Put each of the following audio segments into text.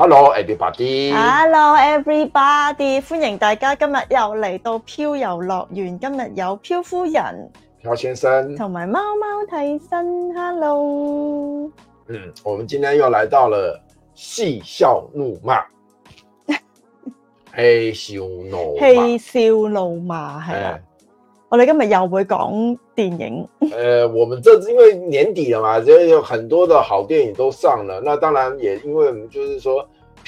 Hello everybody。Hello everybody，歡迎大家今日又嚟到漂遊樂圓。今日有漂夫人，漂先生，同埋貓貓替身。Hello，嗯，我們今天又來到了嬉笑怒罵，嘿笑怒，嘿笑怒罵係啊。 我哋今日又會講電影。誒、 呃，我們這次因為年底啦嘛，所以有很多的好電影都上了。那當然也因為，就是說。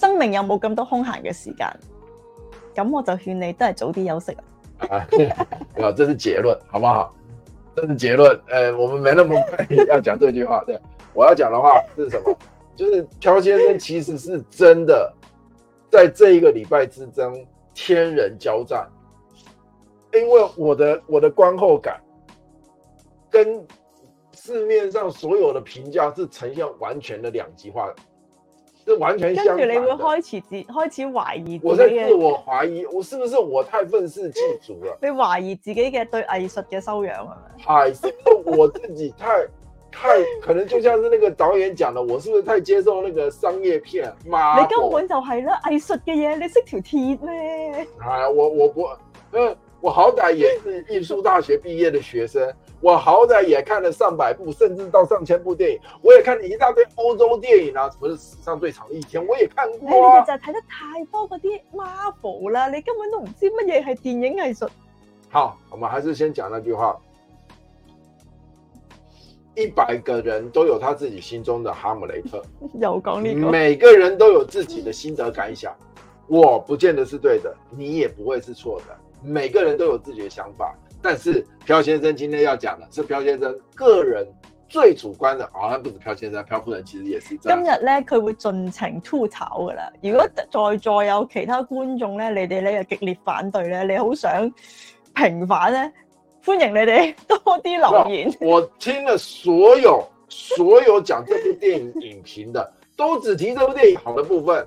生命有冇咁多空閒嘅時間，咁我就勸你都係早啲休息。 啊，我這是結論，好不好？這是結論。誒、呃，我們沒那麼快要講這句話。 對，我要講的話是什麼？就是漂先生其實是真的，在這一個禮拜之中，天人交戰。因為我的我的觀後感，跟市面上所有的評價是呈現完全的兩極化。是完全相反，跟住你會開始自開始懷疑自己嘅，我在自我懷疑，我是不是我太憤世嫉俗了？你懷疑自己嘅對藝術嘅修養係咪？係， 我自己太太可能，就像是那個導演講的，我是不是太接受那個商業片？媽，媽，你根本就係啦，藝術嘅嘢你識條鐵咩？係啊， 我我我，嗯我好歹也是藝術大學畢業的學生，我好歹也看了上百部，甚至到上千部電影，我也看了一大堆歐洲電影啊，什麼是史上最長的一天我也看過啊。你就睇得太多嗰啲 Marvel 啦，你根本都唔知乜嘢係電影藝術。好，我們還是先講那句話：一百個人都有他自己心中的哈姆雷特。有講呢個，每個人都有自己的心得感想，我不見得是對的，你也不會是錯的。每個人都有自己的想法，但是漂先生今天要講的是漂先生個人最主觀的，好、啊、像不止漂先生，漂夫人其實也是。今日呢，佢會盡情吐槽㗎喇。如果在座有其他觀眾呢，你哋咧又激烈反對咧，你好想平反咧，歡迎你哋多啲留言，啊。我聽了所有所有講這部電影影評的， 都只提這部電影好的部分。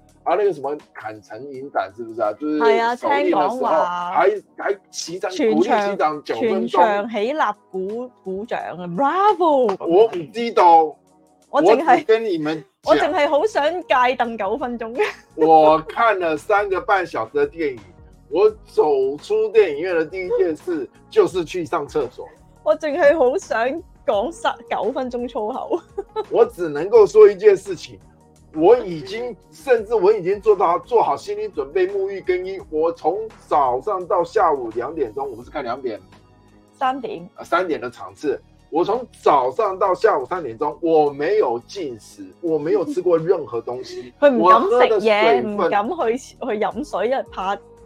啊，那個什麼，康城影展，是不是啊？係、就、啊、是，聽講話，還還起掌鼓起掌，全場起立鼓鼓掌啊 Bravo！我唔知道，我淨係跟你們，我淨係好想戒凳九分鐘。 我看了三個半小時的電影，我走出電影院的第一件事就是去上廁所。我淨係好想講十九分鐘粗口。 我只能夠說一件事情。我已經，甚至我已經做到做好心理準備，沐浴更衣。我從早上到下午兩點鐘，我是看兩點、三點、呃三點的場次。我從早上到下午三點鐘，我沒有進食，我沒有吃過任何東西。 佢唔敢食嘢，唔敢去去飲水，因為怕。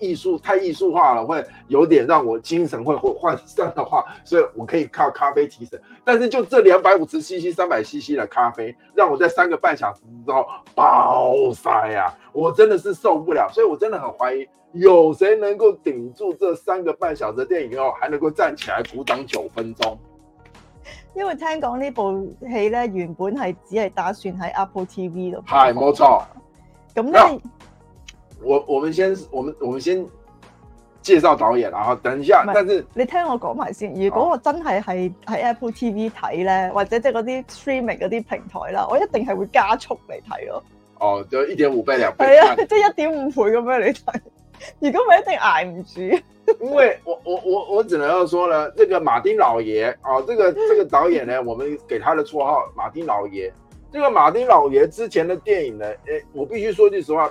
藝術太藝術化了，會有點讓我精神會會渙散的話，所以我可以靠咖啡提神。但是就這兩百五十 cc、三百 cc 的咖啡，讓我在三個半小時之後爆晒呀，啊！我真的是受不了，所以我真的很懷疑，有誰能夠頂住這三個半小時的電影後還能夠站起來鼓掌九分鐘？因為聽講呢部戲呢原本是只係打算喺 Apple TV 度拍，係冇錯。咁咧呢。我我們先，我們我們先介紹導演啦。哈，等一下，是但是你聽我講埋先。如果我真係係喺 Apple TV 睇咧，哦、或者即係嗰啲 streaming 嗰啲平台啦，我一定係會加速嚟睇咯。哦，就一點五倍兩倍，係啊，但 即係一點五倍咁樣嚟睇。如果唔係，一定挨唔住。因為我我我我只能夠說了，呢、這個馬丁老爺啊，呢、哦這個呢、這個導演咧， 我們給他的綽號馬丁老爺。這個馬丁老爺之前嘅電影呢？誒，我必須說句實話。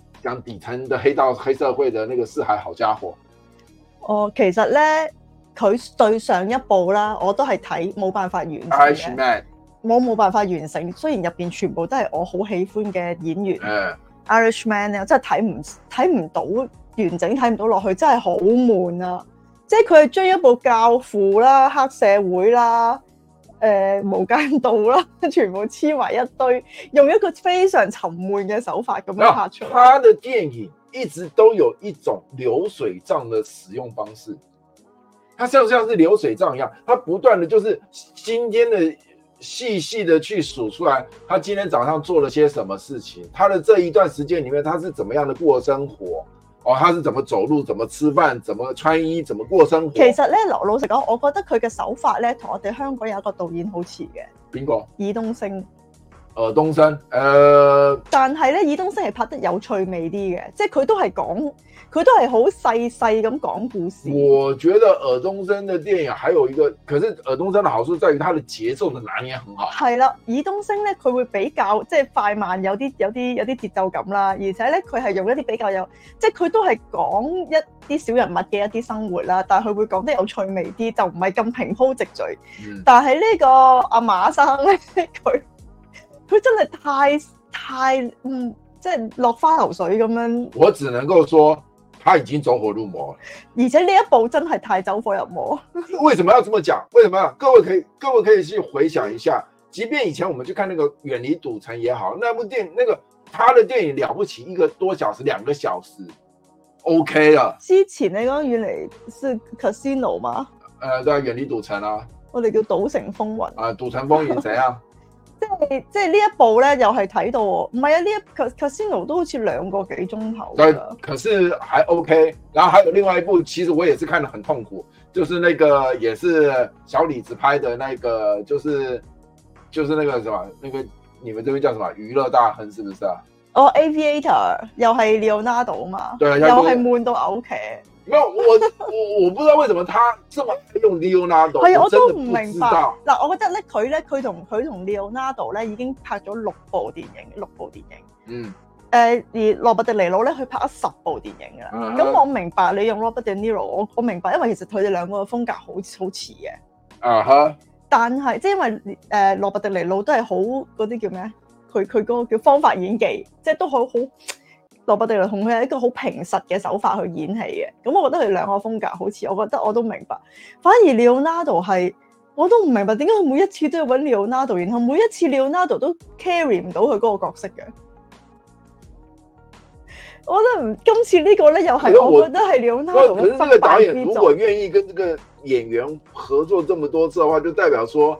講底層的黑道、黑社會嘅那個四海，好家伙！哦，其實咧，佢對上一部啦，我都係睇冇辦法完成。Irishman，我冇辦法完成。雖然入邊全部都係我好喜歡嘅演員，Irishman 咧，Yeah. man, 真係睇唔睇唔到完整，睇唔到落去，真係好悶啊！即係佢係追一部教父啦、黑社會啦。誒、呃、無間道啦，全部黐埋一堆，用一個非常沉悶嘅手法咁樣拍出來。他的電影一直都有一種流水帳的使用方式，他像像是流水帳一樣，他不斷的，就是今天的細細的去數出來，他今天早上做了些什麼事情，他的這一段時間裏面，他是怎麼樣的過生活？哦，他是怎麼走路、怎麼吃飯、怎麼穿衣、怎麼過生活？其實咧，老老實講，我覺得佢嘅手法咧，同我哋香港有一個導演好似嘅，邊個果？爾冬升。爾冬陞誒，呃、但係咧爾冬陞係拍得有趣味啲嘅，即係佢都係講佢都係好細細咁講故事。我覺得爾冬陞嘅電影還有一個，可是爾冬陞嘅好處在於它的節奏的拿捏很好。係啦，爾冬陞咧佢會比較即係快慢有啲有啲有啲節奏感啦，而且咧佢係用一啲比較有即係佢都係講一啲小人物嘅一啲生活啦，但係佢會講得有趣味啲，就唔係咁平鋪直敍。嗯、但係呢個阿馬生咧佢。 他佢真係太太，嗯，即係落花流水咁樣。我只能夠說，他已經走火入魔了，而且呢一部真係太走火入魔了。為什麼要咁樣講？為什麼？各位可以，各位可以去回想一下，即便以前我們去看那個《遠離賭城》也好，那部電影，那個他的電影了不起，一個多小時、兩個小時，OK 啦。之前你講原來是 Casino 嘛？誒、呃，對、啊，《遠離賭城》啊。我哋叫賭城風雲、呃《賭城風雲》啊，《賭城風雲》點啊？即係即係呢一部咧，又係睇到，唔係啊，呢一 Casino 都好似兩個幾鐘頭啦。對，可是還 OK。然後還有另外一部，其實我也是看得很痛苦，就是那個也是小李子拍的，那個就是就是那個什麼，那個你們這邊叫什麼？娛樂大亨是不是啊？哦、oh，Aviator 又係 Leonardo 嘛？對，就是、又係悶到 OK。 沒有，我我我不知道為什麼他這麼用 Leonardo，係我都唔明白。嗱，我覺得咧佢咧佢同佢同 Leonardo 咧已經拍咗六部電影，六部電影。嗯。誒、呃，而羅拔迪尼路咧，佢拍咗十部電影噶啦。咁我明白你用羅拔迪尼路，我我明白，因為其實佢哋兩個風格好好似嘅。啊哈。但係即係因為誒呃、羅拔迪尼路都係好嗰啲叫咩佢佢嗰個叫方法演技，即係都好好。羅拔迪尼路同佢係一個好平實嘅手法去演戲嘅。咁我覺得佢兩個風格好似，我覺得我都明白。反而 Leonardo 係，我都唔明白點解佢每一次都要揾 Leonardo，然後每一次 Leonardo 都 carry 唔到佢嗰個角色嘅。我覺得唔，今次呢個咧又係我覺得係 Leonardo 失敗呢種。其實，呢個導演如果願意跟呢個演員合作這麼多次嘅話，就代表說。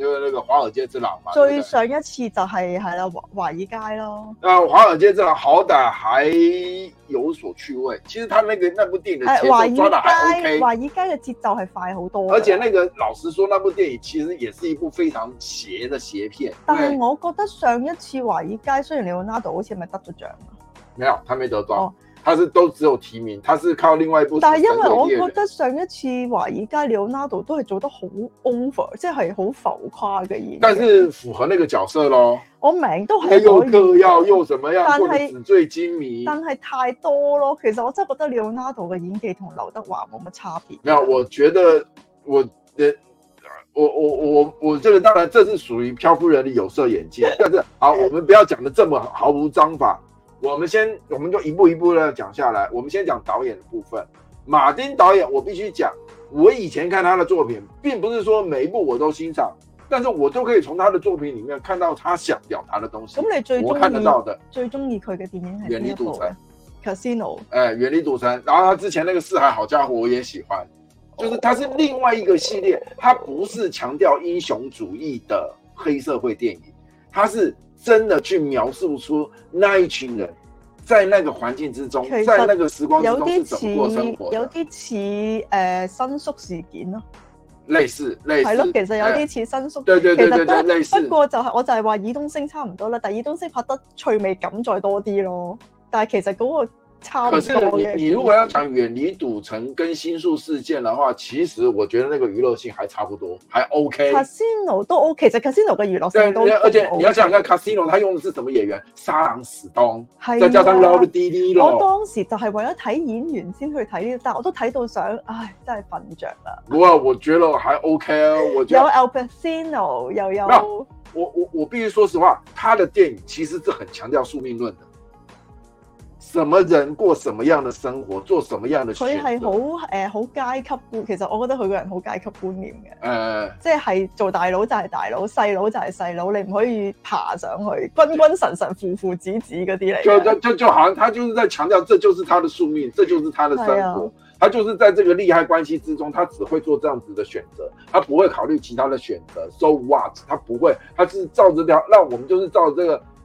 就是那個華爾街之狼嘛，最上一次就係係啦華爾街咯、啊。華爾街之狼好歹還有所趣味，其實他那個那部電影嘅節奏抓得還 OK、欸、華爾街嘅、OK，節奏係快好多。而且那個老實說，那部電影其實也是一部非常邪的邪片。但係我覺得上一次華爾街對雖然你話里安納度好似咪得咗獎啊，沒有，他沒得到。哦。他是都只有提名，他是靠另外一部。但係因為我覺得上一次華爾街里安納度都係做得好 over，即係好浮誇嘅嘢。但是符合那個角色咯。我名都係。又客要又什麼要的精明但是？但係紙醉金迷，但係太多咯。其實我真係覺得里安納度嘅演技同劉德華冇乜差別。沒有，我覺得我誒，我我我我，這個當然這是屬於漂夫人的有色眼鏡， 但是好，我們不要講得這麼毫無章法。我們先，我們就一步一步的講下來。我們先講導演的部分。馬丁導演，我必須講，我以前看他的作品，並不是說每一部我都欣賞，但是我都可以從他的作品裏面看到他想表達的東西。咁你最喜歡我看得到的，最中意佢嘅電影係邊一部？《遠離賭城》，《Casino》誒，《遠離賭城》。然後他之前那個《四海好家伙》，我也喜歡。就是，他是另外一個系列，oh. 他不是強調英雄主義的黑社會電影，他是。真的去描述出那一群人，在那個環境之中，其實在那個時光之中是點過生活，有啲似，誒，新、呃、宿事件咯、啊，類似，類似係咯，其實有啲似新宿，對對對對，類似，不過就係、是，我就係話爾冬陞差唔多啦，但爾冬陞拍得趣味感再多啲咯，但係其實嗰、那個。差唔多，可是你你如果要講遠離賭城跟新宿事件的話，其實我覺得那個娛樂性還差不多，還 OK。Casino 都 OK，其實 Casino 嘅娛樂性。而且你要想，個 Casino 他用嘅是什麼演員？沙朗史東，啊、再加上 l o d d d 我當時就是為咗睇演員先去睇呢，但我都睇到想，唉，真係瞓着了我啊，我覺得還 OK 啊，我覺得有 Al Pacino，又有，有，有，我我我必須說實話，他的電影其實是很強調宿命論的。什麼人過什麼樣的生活，做什麼樣的選擇。佢係好誒，好、呃、階級觀。其實我覺得佢個人好階級觀念嘅，誒、欸，即係做大佬就係大佬，細佬就係細佬，你唔可以爬上去，君君臣臣，父父子子嗰啲嚟。就就就就好像他就是在強調，這就是他的宿命，這就是他的生活，啊、他就是在這個利害關係之中，他只會做這樣子的選擇，他不會考慮其他的選擇。So what？他不會，他是照這條，那我們就是照這個。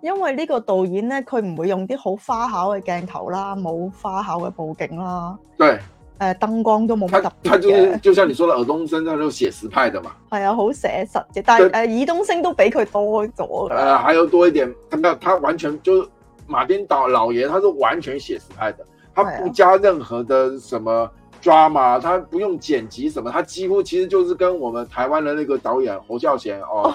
因為呢個導演咧，佢唔會用啲好花巧嘅鏡頭啦，冇花巧嘅布景啦，誒燈對、呃、光都冇乜特別嘅、就是。就像你講嘅爾冬陞，他就係用寫實派嘅嘛。係啊，好寫實嘅，但係誒爾冬陞都比佢多咗。誒、呃，還有多一點。佢冇，他完全就是、馬丁導老爺，他是完全寫實派的，他不加任何的什麼 drama，他不用剪輯什麼，他幾乎其實就是跟我們台灣嘅那個導演侯孝賢哦。哦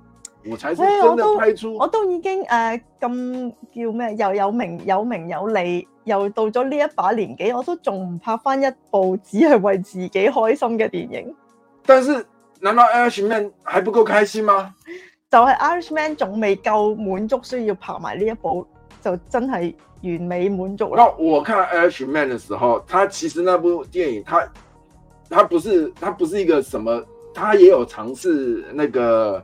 我才是真的拍出我出，我都已經誒咁、呃、叫咩？又有名有名有利，又到咗呢一把年紀，我都仲唔拍翻一部只係為自己開心嘅電影。但是難道 Irishman 還不夠開心嗎？就係 Irishman 仲未夠滿足，需要拍埋呢一部就真係完美滿足啦。我看 Irishman 嘅時候，他其實那部電影，他他不是，他不是一個什麼，他也有嘗試那個。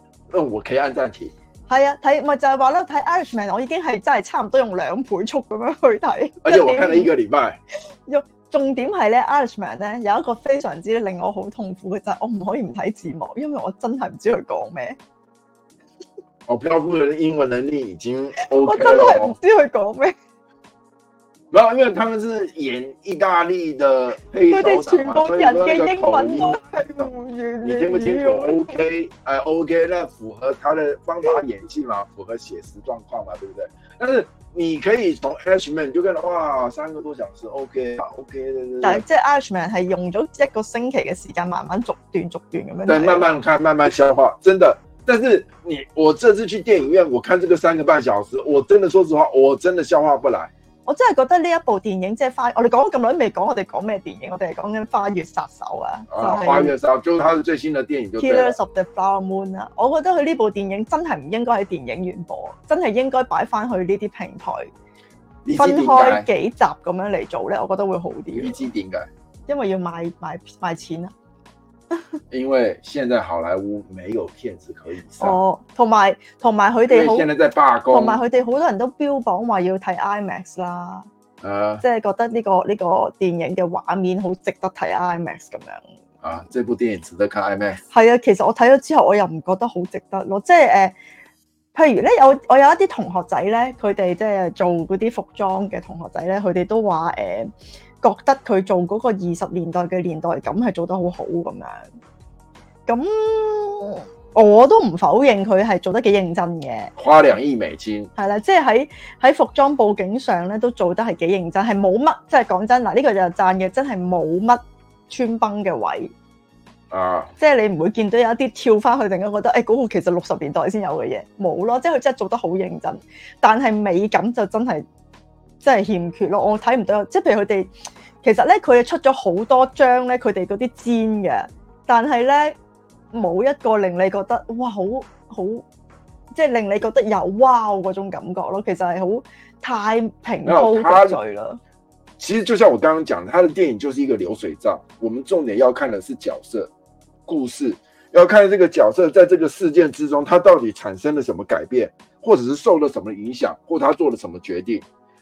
我可以按暫停。係啊，睇咪就係、是、話咧，睇《Irishman》我已經係真係差唔多用兩倍速咁樣去睇。而且我睇咗一個禮拜。 重點係咧，《Irishman》咧有一個非常之令我好痛苦嘅就係、是，我唔可以唔睇字幕，因為我真係唔知佢講咩。我飆出嚟英文能力已經、OK、我真係唔知佢講咩。不，因為他們是演意大利的配音。角，所以那個口音你聽不清楚。 OK，o、OK, 哎，OK, k 那符合他的方法演技嘛？符合寫實狀況嘛？對不對？但是你可以從 Irishman 就看的哇，三個多小時 OK，OK。OK, OK, 對對對。但係即係 Irishman 係用咗一個星期嘅時間，慢慢逐段逐段咁樣的。對，慢慢看，慢慢消化，真的。但是你我這次去電影院，我看這個三個半小時，我真的說實話，我真的消化不來。我真係覺得呢一部電影即係花，我哋講咁耐未講，講我哋講咩電影？我哋係講緊《花月殺手》啊，就是《花月殺手》佢，就是，最新嘅電影《Killers of the Flower Moon》啊。我覺得佢呢部電影真係唔應該喺電影院播，真係應該擺翻去呢啲平台，分開幾集咁樣嚟做咧，我覺得會好啲。你知點解？因為要賣賣賣錢啊！ 因為現在好萊塢沒有片子可以上哦，同埋同埋佢哋，因為現在在罷工，同埋佢哋好多人都標榜話要睇 IMAX 啦，啊、呃，即係覺得呢、這個呢、這個電影嘅畫面好值得睇 IMAX 咁樣。啊，這部電影值得睇 IMAX？係啊，其實我睇咗之後，我又唔覺得好值得咯。即係誒，譬如咧，有我有一啲同學仔咧，佢哋即係做嗰啲服裝嘅同學仔咧，佢哋都話誒。呃覺得佢做嗰個二十年代嘅年代感係做得好好咁樣，咁我都唔否認佢係做得幾認真嘅。花兩億美金係啦，即係喺喺服裝佈景上咧都做得係幾認真，係冇乜即係講真嗱，呢個就讚嘅，真係冇乜穿崩嘅位啊！即係你唔會見到有一啲跳翻去，突然間覺得誒嗰個其實六十年代先有嘅嘢冇咯，即係佢真係做得好認真，但係美感就真係。真係欠缺咯。我睇唔到，即係譬如佢哋其實咧，佢哋出咗好多張咧，佢哋嗰啲煎嘅，但係咧冇一個令你覺得哇，好好即係令你覺得有 wow 嗰種感覺咯。其實係好太平高嘅。其實就像我剛剛講，他的電影就是一個流水賬。我們重點要看的是角色故事，要看這個角色在這個事件之中，他到底產生了什麼改變，或者是受了什麼影響，或他做了什麼決定。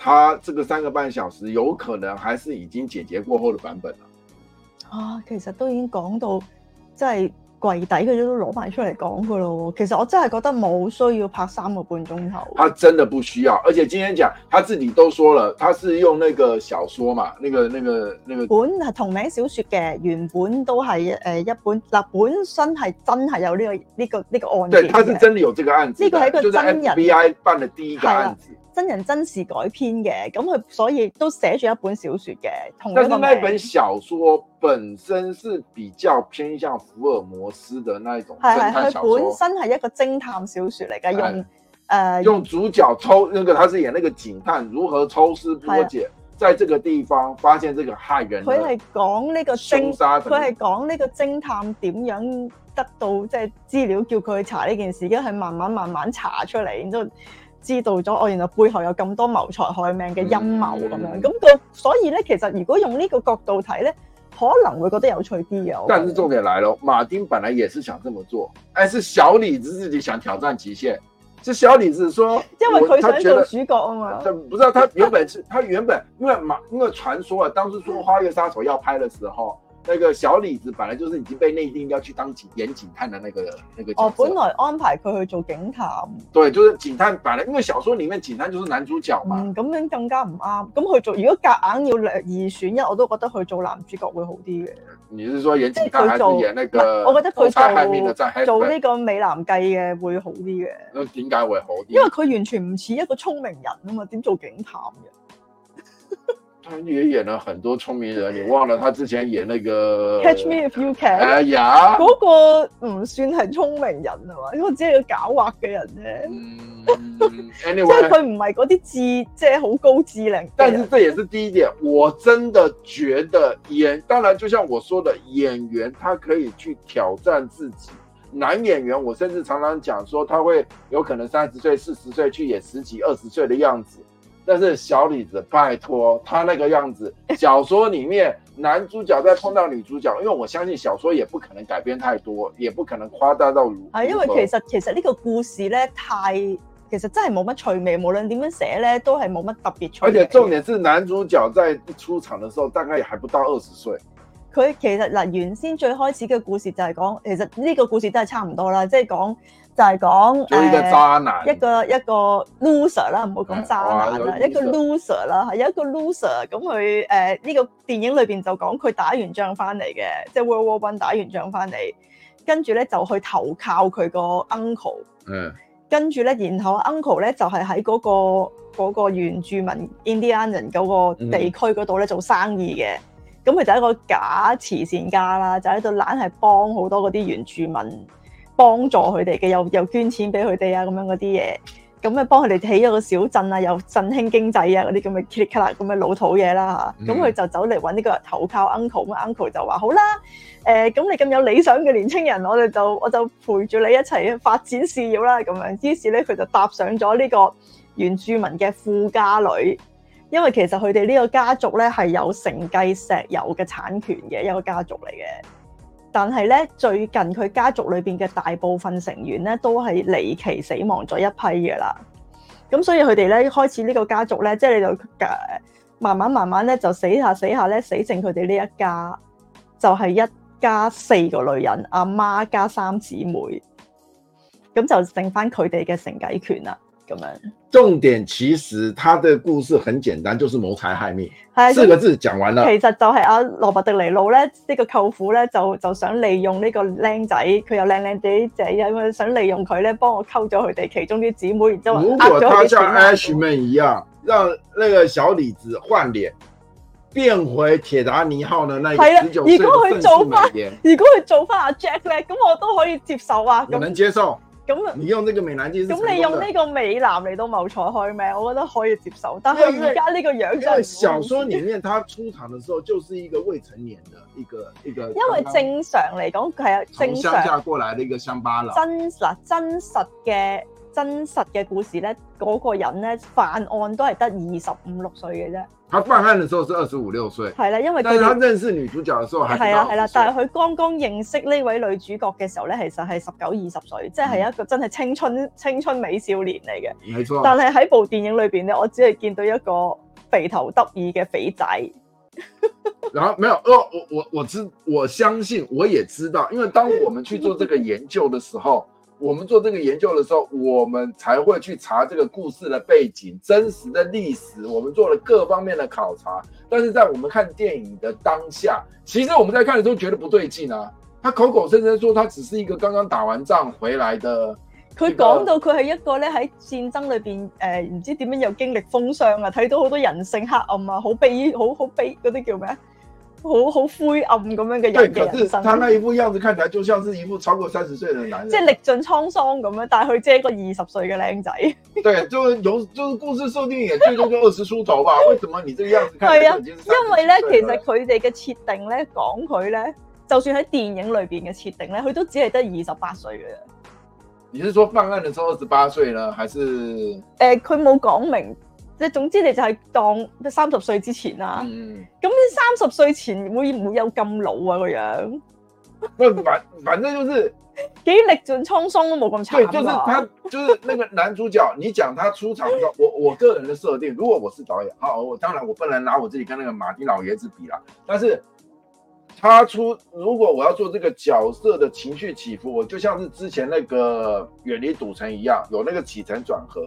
他這個三個半小時有可能還是已經剪輯過後的版本啊，其實都已經講到即係櫃底嗰啲都攞翻出嚟講㗎咯。其實我真係覺得冇需要拍三個半鐘頭。他真的不需要，而且今天講他自己都說了，他是用那個小說嘛，那個、那個、那個本係同名小說嘅，原本都係誒一本嗱，本身係真係有呢個呢個呢個案。對，他是真係有這個案子。呢個係一個真人 FBI 辦的第一個案子。真人真事改編嘅，咁佢所以都寫住一本小說嘅，同但係嗰本小說本身是比較偏向福爾摩斯的那一種。係係，佢本身係一個偵探小說嚟嘅，用誒的、呃、用主角抽，那個他是演那個警探如何抽絲剝繭，的在這個地方發現這個害人。佢係講呢個凶佢係講呢個偵探點樣得到即係資料，叫佢去查呢件事，而係慢慢慢慢查出嚟，然之後。知道咗我、哦、原來背後有咁多謀財害命嘅陰謀咁樣，咁、嗯嗯那個所以咧，其實如果用呢個角度睇咧，可能會覺得有趣啲嘅。但是重點嚟咯，馬丁本來也是想這麼做，係、哎、是小李子自己想挑戰極限，是小李子說，因為佢想做主角啊嘛，唔，唔知道他，他原本是， 他原本因為馬，因為傳說啊，當時說花月殺手要拍嘅時候。那個小李子本來就是已經被內定要去當警演警探的那個那個哦，本來安排佢去做警探，對，就是警探本來，因為小說裏面警探就是男主角嘛，咁、嗯、樣更加唔啱。咁去做如果夾硬要二選一，我都覺得去做男主角會好啲嘅。你是說演警探嘅嘢、那個，呢個我覺得佢做做呢個美男計嘅會好啲嘅。點解會好啲？因為佢完全唔似一個聰明人啊嘛，點做警探嘅？佢也演了很多聰明人，你忘了他之前演那個 Catch Me If You Can？嗰、哎、呀個唔算係聰明人係嘛？因為我只係個狡猾嘅人啫。嗯，Anyway，即係佢唔係嗰啲智，即係好高智能。但是這也是第一點，我真的覺得演，當然就像我說的，演員他可以去挑戰自己。男演員我甚至常常講說，他會有可能三十歲、四十歲去演十幾、二十歲的樣子。但是小李子，拜託，他那個樣子，小說裏面男主角再碰到女主角，因為我相信小說也不可能改編太多，也不可能誇大到如，係因為其實其實呢個故事咧太，其實真係冇乜趣味，無論點樣寫咧都係冇乜特別趣。而且重點是男主角在出場的時候大概還不到二十歲，佢其實嗱原先最開始嘅故事就係講，其實呢個故事都係差唔多啦，即係講。就係講一個，個渣男，一個一個 loser 啦，唔好講渣男啦，一個 loser 啦，有一個 loser 咁佢，誒呢個電影裏面就講佢打完仗翻嚟嘅，即係 World War One 打完仗翻嚟，跟住咧就去投靠佢個 uncle 是。嗯，跟住咧，然後 uncle 咧就係喺嗰個原住民 Indian 人嗰個地區嗰度咧做生意嘅，咁佢、嗯、就係一個假慈善家啦，就喺度懶係幫好多嗰啲原住民。幫助佢哋嘅，又又捐錢俾佢哋啊，咁樣嗰啲嘢，咁啊幫佢哋起咗個小鎮啊，又振興經濟啊，嗰啲咁嘅 kitikat 咁嘅老土嘢啦嚇，咁佢、嗯、就走嚟揾呢個人投靠 uncle，uncle Un 就話、嗯、好啦，誒、呃，咁你咁有理想嘅年青人，我哋就我就陪住你一齊發展事業啦，咁樣，於是咧佢就搭上咗呢個原住民嘅富家女，因為其實佢哋呢個家族咧係有承繼石油嘅產權嘅一個家族嚟嘅。但係咧，最近佢家族裏邊嘅大部分成員咧，都係離奇死亡咗一批嘅啦。咁所以佢哋咧開始呢個家族咧，即係你就誒、是、慢慢慢慢咧就死下死下咧，死剩佢哋呢一家，就係一家四個女人，阿媽加三姊妹，咁就剩返佢哋嘅承繼權啦。重點其實他的故事很簡單，就是謀財害命，係的四個字講完了。其實就係阿羅拔迪尼路咧，呢個舅父咧就就想利用呢個靚仔，佢又靚靚地仔，想利用佢咧幫我溝咗佢哋其中啲姊妹，然之後呃咗佢一樣，讓那個小李子換臉，變回鐵達尼號的那十九歲如果佢，做翻，如果佢做翻阿 Jack 咧，咁我都可以接受啊，我能接受。咁那你用呢個美男計？咁你用呢個美男嚟到謀財害命？我覺得可以接受。但係而家呢個樣就……因為小說裡面，他出場嘅時候就是一個未成年嘅一個一個。因為正常嚟講，佢係啊，從鄉下過來的一個鄉巴佬。巴真實，真實嘅。真實嘅故事咧，嗰、嗰個人咧，犯案都係得二十五六歲嘅啫。佢犯案嘅時候是二十五六歲。係啦，因為佢。但係佢認識女主角嘅時候係。係啊，係啦，但係佢剛剛認識呢位女主角嘅時候咧，其實係十九二十歲，即係一個真係青春、嗯、青春美少年嚟嘅。沒錯、啊。但係喺部電影裏邊咧，我只係見到一個肥頭得意嘅肥仔。 然後沒有，哦、我我我知，我相信我也知道，因為當我們去做這個研究嘅時候。 我們做這個研究的時候，我們才會去查這個故事的背景、真實的歷史。我們做了各方面的考察，但是在我們看電影的當下，其實我們在看的時候覺得不對勁啊。他口口聲聲說他只是一個剛剛打完仗回來的，佢講到佢係一個咧喺戰爭裏邊，誒、呃，唔知點樣有經歷風霜啊，睇到好多人性黑暗啊，好悲，好好悲，嗰啲叫咩？好好灰暗咁樣嘅人嘅人生，對，可是他那一副樣子看起來，就像是一副超過三十歲嘅男人，即係歷盡滄桑咁樣，但係佢即係一個二十歲嘅靚仔。對，就由，就是故事設定也，也最多都二十出頭吧？ 為什麼你呢個樣子看起來已經係啊？因為咧，其實佢哋嘅設定咧，講佢咧，就算喺電影裏邊嘅設定咧，佢都只係得二十八歲嘅。你是說犯案嘅時候二十八歲呢，還是？誒、欸，佢冇講明。即總之，你就係當三十歲之前啦、啊。咁你三十歲前會唔會有咁老啊，個樣？反反正就是幾歷盡滄桑都冇咁差。 對，就是他，就是那個男主角。 你講他出場嘅時候，我我個人的設定，如果我是導演，好、啊、我當然我不能拿我自己跟那個馬丁老爺子比啦。但是，他出如果我要做這個角色的情緒起伏，我就像是之前那個遠離賭城一樣，有那個起承轉合。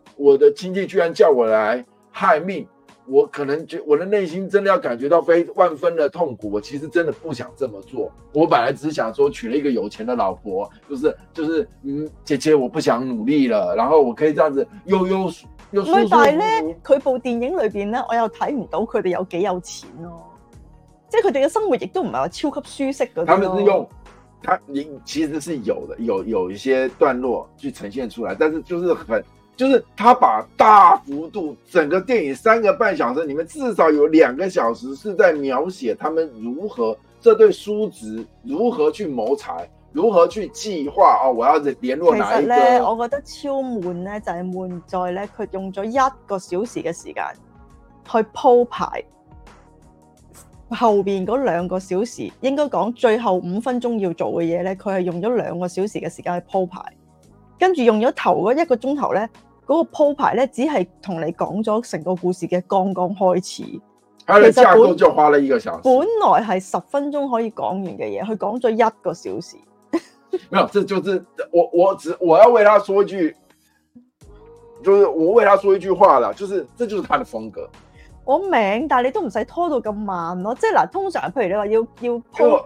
我的親戚居然叫我來害命，me, 我可能覺得我的內心真的要感覺到非萬分的痛苦。我其實真的不想這麼做，我本來只想說娶了一個有錢的老婆，就是就是嗯，姐姐我不想努力了，然後我可以這樣子悠悠又舒，但係呢，佢我部電影裏邊呢，我又睇唔到佢哋有幾有錢咯，哦，即係佢哋嘅生活亦都唔係話超級舒適噶咯，哦。有冇啲用？他，你其實是有的，有有一些段落去呈現出來，但是就是很。就是他把大幅度整個電影三個半小時，裏面至少有兩個小時是在描寫他們如何這對叔侄如何去謀財，如何去計劃。啊、哦，我要聯絡哪一個？其實呢，我覺得超悶呢，就係、是、悶在呢，佢用咗一個小時嘅時間去鋪排後邊嗰兩個小時，應該講最後五分鐘要做嘅嘢，呢，佢係用咗兩個小時嘅時間去鋪排，跟住用咗頭嗰一個鐘頭呢。嗰個鋪排咧，只係同你講咗成個故事嘅剛剛開始。啊、你就花咗一個小時本本來係十分鐘可以講完嘅嘢，佢講咗一個小時。講一個小時 沒有，這就是、我我只我要為他說一句，就是我為他說一句話啦。就是，這就是他的風格。我明，但係你都唔使拖到咁慢咯。即係嗱，通常譬如你話要要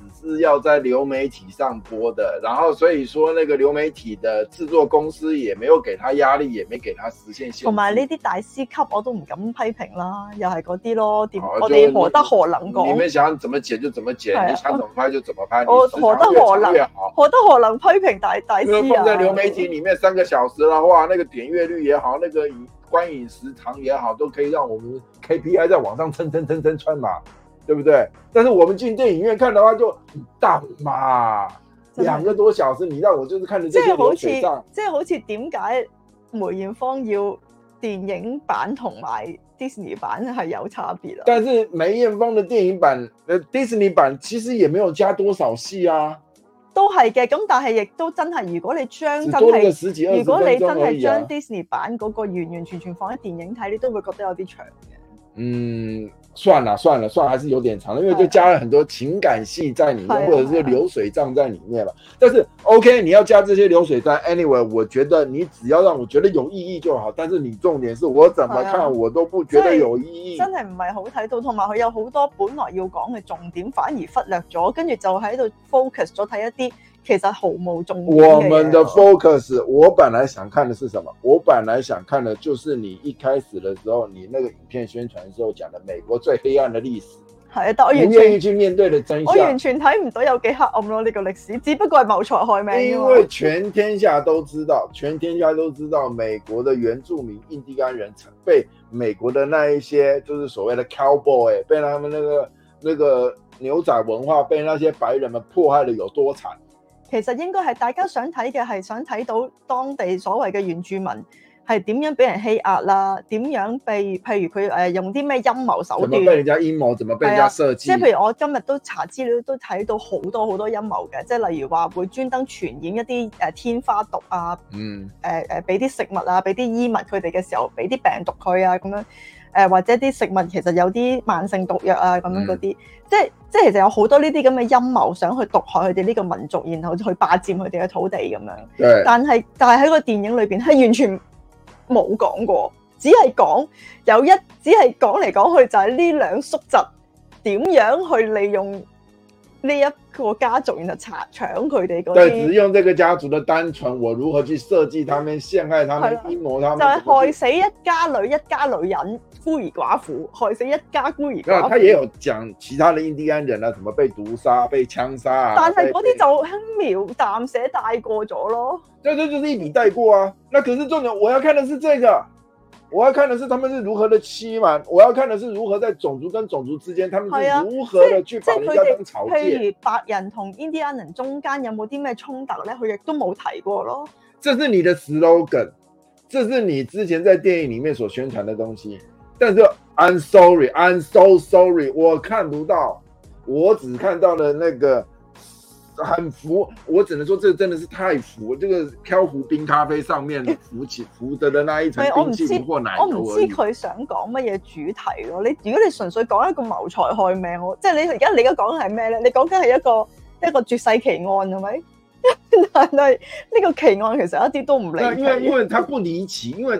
是要在流媒體上播的，然後所以說那個流媒體的製作公司也沒有給他壓力，也沒給他實現性。同埋呢啲大師級我都唔敢批評啦，又係嗰啲咯，點我哋何德何能講？你們想怎麼剪就怎麼剪，啊、你想怎麼拍就怎麼拍，我你越越何德何能？何德何能批評大大師啊？放在流媒體裏面三個小時的話，哇，那個點閱率也好，那個觀影時長也好，都可以讓我們 KPI 在網上蹭蹭蹭蹭竄嘛。對不對？但是我們進電影院看的話就，就大媽的兩個多小時，你讓我就是看着這些流水賬。即係好似點解梅艷芳要電影版同埋 Disney 版係有差別啊？但是梅艷芳的電影版誒，Disney 版其實也沒有加多少戲啊。都係嘅，咁但係亦都真係，如果你將真係，如果你真係將 Disney 版嗰個完完全全放喺電影睇，你都會覺得有啲長嘅。嗯。算了算了，算了算了還是有點長的，因為就加了很多情感戲在裏面，啊、或者是流水賬在裏面了是、啊、但是 OK，你要加這些流水賬，anyway，我覺得你只要讓我覺得有意義就好。但是你重點是我怎麼看，啊、我都不覺得有意義，真係唔係好睇到，同埋佢有好多本來要講嘅重點反而忽略咗，跟住就喺度 focus 咗睇一啲。其實毫無重點。我們的 focus，我本來想看的是什麼？我本來想看的就是你一開始的時候，你那個影片宣傳的時候講的美國最黑暗的歷史，但我完全唔願意去面對的真相。我完全睇唔到有幾黑暗咯，呢個歷史，只不過係謀財害命。因為全天下都知道，全天下都知道美國的原住民印第安人曾被美國的那一些，就是所謂的 cowboy，被他們那個那個牛仔文化，被那些白人們迫害的有多慘。其實應該係大家想睇嘅係想睇到當地所謂嘅原住民係點樣俾人欺壓啦，點樣被譬如佢誒用啲咩陰謀手段？怎麼被人家陰謀？怎麼被人家設計？即係譬如我今日都查資料都睇到好多好多陰謀嘅，即係例如話會專登傳染一啲誒天花毒啊，嗯誒誒俾啲食物啊，俾啲衣物佢哋嘅時候俾啲病毒佢啊咁樣。誒或者啲食物其實有啲慢性毒藥啊咁樣嗰啲、嗯，即係即係其實有好多呢啲咁嘅陰謀，想去毒害佢哋呢個民族，然後去霸佔佢哋嘅土地咁樣。對 但係但係喺個電影裏邊係完全冇講過，只係講有一只係講嚟講去就係呢兩叔侄點樣去利用呢一個家族，然後查搶佢哋嗰啲。對，只用呢個家族嘅單純，我如何去設計他們、陷害他們、陰他們，就係、是、害死一家女一家女人。孤兒寡婦害死一家孤兒寡婦。佢也有講其他的印第安人啊，怎麼被毒殺、被槍殺啊？但係嗰啲就輕描淡寫帶過咗咯。對，對就是一筆帶過啊。那可是重點，我要看的是這個，我要看的是他們是如何的欺瞞，我要看的是如何在種族跟種族之間，他們是如何的去把人家當草芥。啊、譬如白人同印第安人中間有冇啲咩衝突咧？佢亦都冇提過咯。這是你的 slogan，這是你之前在電影裡面所宣傳的東西。但是 I'm sorry, I'm so sorry，我看不到，我只看到了那個很浮，我只能說這真的是太浮，這個漂浮冰咖啡上面浮起浮得的那一層。我唔知我唔知佢想講乜嘢主題咯，你如果你純粹講一個謀財害命，即係你而家你而家講係咩咧？你講緊係一個一個絕世奇案係咪？ 但係呢個奇案其實一啲都唔離奇，因為因為它不離奇，因為。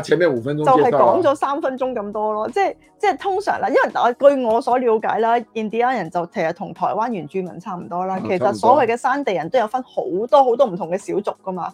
前面五分鐘就係講咗三分鐘咁多咯，即係即係通常啦，因為我據我所了解啦，印第安人就其實同台灣原住民差唔多啦。其實所謂嘅山地人都有分好多好多唔同嘅小族㗎嘛，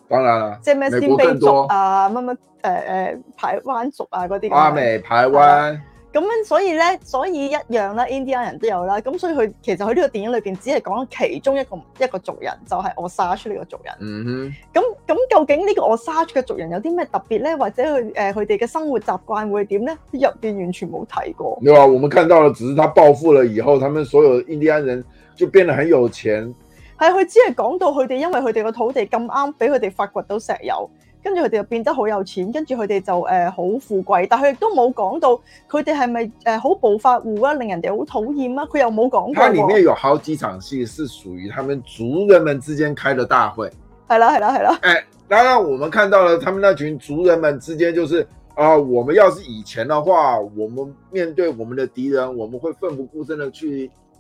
即係咩先卑族啊，乜乜誒誒排灣族啊嗰啲。阿美排灣。啊咁樣所以咧，所以一樣啦，印第安人都有啦。咁所以佢其實佢呢個電影裏邊只係講其中一個一個族人，就係 Osage 呢個族人。嗯哼。咁咁究竟呢個 Osage 嘅族人有啲咩特別咧？或者佢誒佢哋嘅生活習慣會點咧？入邊完全冇提過。你話我哋看到啦，只是佢暴富了以後，他們所有印第安人就變得很有錢。係，佢只係講到佢哋因為佢哋個土地咁啱俾佢哋發掘到石油。跟住佢哋就變得好有錢，跟住佢哋就誒好、呃、富貴，但係佢亦都冇講到佢哋係咪誒好暴發戶啊，令人哋好討厭啊，佢又冇講過過。佢裏面有好幾場戲是屬於他們族人們之間開嘅大會，係啦係啦係啦。誒，當然、哎、我們看到了，他們那群族人們之間就是啊、呃，我們要是以前嘅話，我們面對我們嘅敵人，我們會奮不顧、顧身的去。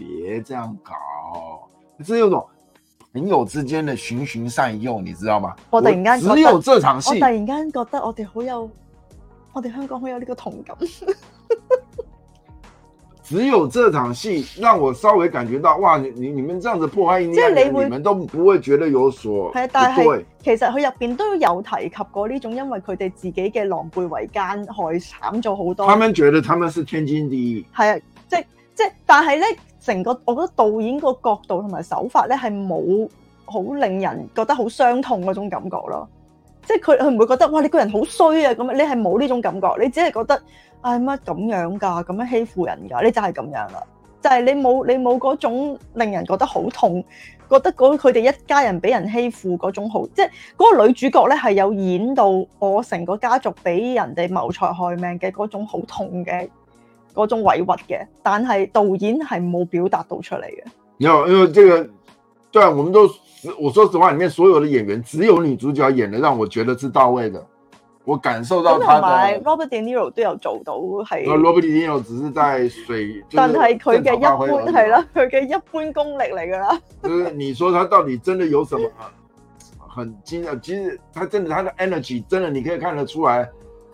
別這樣搞，只有種朋友之間的循循善誘，你知道嗎？我突然間只有這場戲，突然間覺得我哋好有我哋香港好有呢個同感。 只有這場戲讓我稍微感覺到，哇！你你你們這樣子破壞印象，即係你會你們都不會覺得有所係、啊，但係其實佢入邊都有提及過呢種，因為佢哋自己嘅狼狽為奸害慘，害慘咗好多。他們覺得他們是天經地義，係啊，即即但係咧。成個我覺得導演個角度同埋手法咧，係冇好令人覺得好傷痛嗰種感覺咯。即係佢佢唔會覺得哇！你個人好衰啊咁啊！你係冇呢種感覺，你只係覺得唉乜咁樣噶，咁樣欺負人噶，你就係咁樣啦。就係你冇你冇嗰種令人覺得好痛，覺得嗰佢哋一家人俾人欺負嗰種好，即係嗰個女主角咧係有演到我成個家族俾人哋謀財害命嘅嗰種好痛嘅。嗰種委屈嘅，但係導演係冇表達到出嚟嘅。有，no, 因為這個，對我們都，我說實話，裏面所有的演員，只有女主角演的，讓我覺得是到位的，我感受到他。Robert De Niro 都有做到，係。Robert De Niro 只是在水，但係佢嘅一般係啦，佢嘅一般功力嚟噶啦。就是，你說他到底真的有什麼 很驚啊？其實，他真的他的 energy，真的你可以看得出來。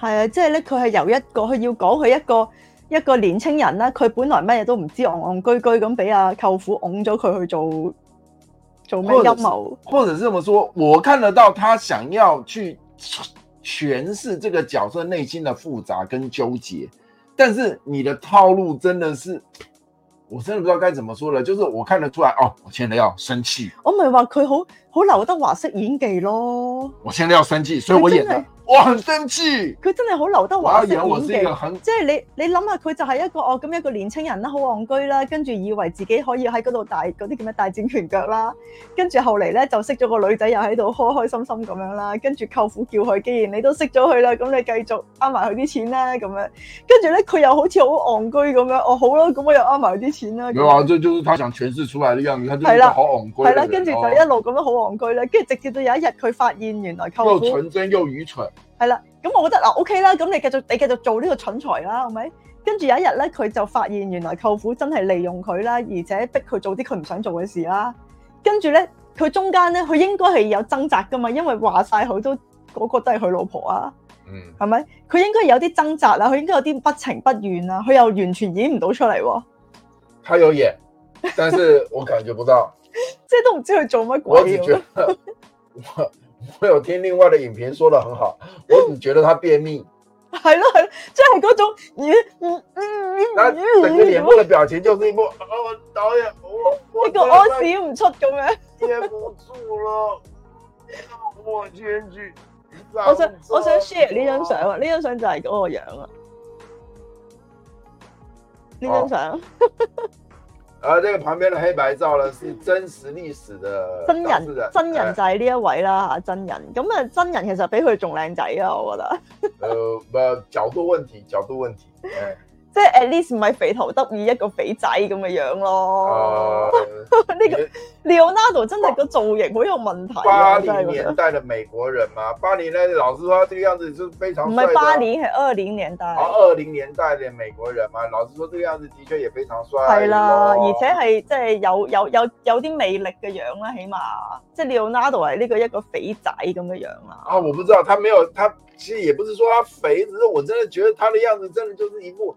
係啊，即係咧，佢係由一個佢要講佢一個一個年輕人啦，佢本來乜嘢都唔知，戇戇居居咁俾阿舅父㧬咗佢去做做咩陰謀，或者是這麼說，我看得到他想要去詮釋這個角色內心的複雜跟糾結，但是你的套路真的是，我真係唔知道該怎麼說咧，就是我看得出來，哦，我現在要生氣，我咪話佢好好劉德華式演技咯，我現在要生氣，所以我演。我好生氣，佢真係好劉德華式演技，即係你你諗下，佢就係一個,一一個哦咁一個年青人啦，好戇居啦，跟住以為自己可以喺嗰度大嗰啲叫咩大展拳腳啦，跟住後嚟咧就識咗個女仔，又喺度開開心心咁樣啦，跟住舅父叫佢，既然你都識咗佢啦，咁你繼續啱埋佢啲錢啦咁樣，跟住咧佢又好似好戇居咁樣，哦好啦，咁我又啱埋佢啲錢啦。佢啊，就係佢想詮釋出來嘅樣子，佢係啦好戇居，係啦、啊啊、跟住就一路咁樣好戇居啦，跟住、哦、直接到有一日佢發現原來舅父又純真又愚蠢。係啦，咁我覺得嗱，OK 啦，咁你繼續，你繼續做呢個蠢材啦，係咪？跟住有一日咧，佢就發現原來舅父真係利用佢啦，而且逼佢做啲佢唔想做嘅事啦。跟住咧，佢中間咧，佢應該係有掙扎噶嘛，因為話晒佢都，個個都係佢老婆啊，係咪、嗯？佢應該有啲掙扎啦，佢應該有啲不情不願啊，佢又完全演唔到出嚟、啊。佢有嘢，但是我感覺不到，即係都唔知佢做乜鬼嘢。 我有聽另外的影評說的很好，我只覺得他便秘。係囉，係囉，即係嗰種，你你你你你整個臉部的表情就是一、那、部、個，啊，導演，我一個屙屎唔出咁樣，憋 不住咯，莫謙虛。我想我想 share 呢張相啊，呢張相就係嗰個樣啊，呢張相。 而呢、呃這個旁邊嘅黑白照咧，係真實歷史嘅真人，真人就係呢一位啦吓、哎啊，真人咁啊，真人其實比佢仲靚仔啊，我覺得。誒、 呃，唔、呃、角度問題，角度問題，誒、嗯。 即係 at least 唔係肥頭得意一個肥仔咁嘅樣子咯。呢、uh, 這個你 Leonardo 真係個造型好有問題、啊。八零 80 的年代嘅美國人嘛，八零年代，老實話，這個樣子就是非常的。唔係八零係二零年代。啊，二零年代嘅美國人嘛，老實說，這個樣子的確也非常帥。係啦、啊，而且係即係有有有有啲魅力嘅樣啦、啊，起碼即係 Leonardo 係呢個一個肥仔咁嘅樣啊。啊、哦，我不知道，他沒有，他其實也不是說他肥，只是我真的覺得他的樣子真的就是一副。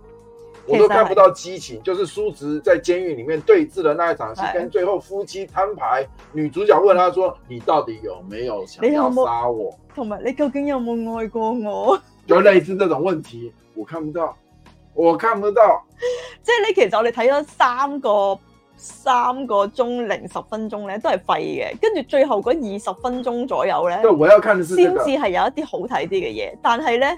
我都看不到激情，是就是叔侄在監獄裏面對峙的那一場戲，跟最後夫妻攤牌，的女主角問他說：你到底有沒有想要殺我？同埋你，你究竟有冇有愛過我？有類似這種問題，我看不到，我看不到。即係 你其實我哋睇咗三個三個鐘零十分鐘咧都係廢嘅，跟住最後嗰二十分鐘左右咧，對，我要睇嘅係，先至係有一啲好睇啲嘅嘢，但係咧。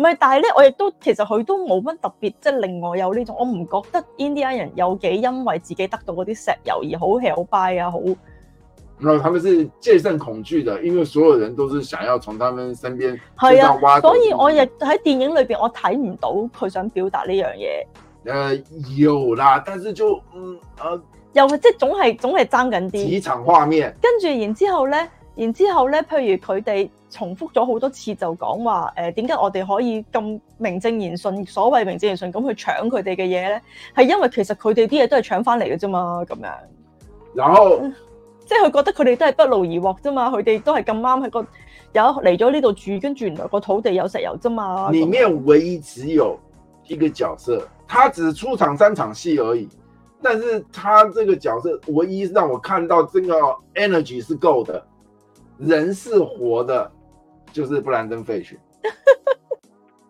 唔係，但係咧，我亦都其實佢都冇乜特別，即、就、係、是、另外有呢種，我唔覺得 Indian 人有幾因為自己得到嗰啲石油而好 happy 啊，好。然後，他們是借鑑恐懼的，因為所有人都是想要從他們身邊係啊，所以我亦喺電影裏邊，我睇唔到佢想表達呢樣嘢。誒、呃、有啦，但是就嗯誒，呃、又即係、就是、總係總係爭緊啲幾場畫面，跟住然後然後之後咧，然之後咧，譬如佢哋。重複咗好多次就講話誒點解我哋可以咁名正言順所謂名正言順咁去搶佢哋嘅嘢咧？係因為其實佢哋啲嘢都係搶翻嚟嘅啫嘛，咁樣。然後，即係佢覺得佢哋都係不勞而獲啫嘛，佢哋都係咁啱喺個有嚟咗呢度住，跟住，原來個土地有石油啫嘛。裡面唯一只有一個角色，他只出場三場戲而已，但是他這個角色唯一讓我看到這個 energy 是夠的，人是活的。就是布蘭登·費雪，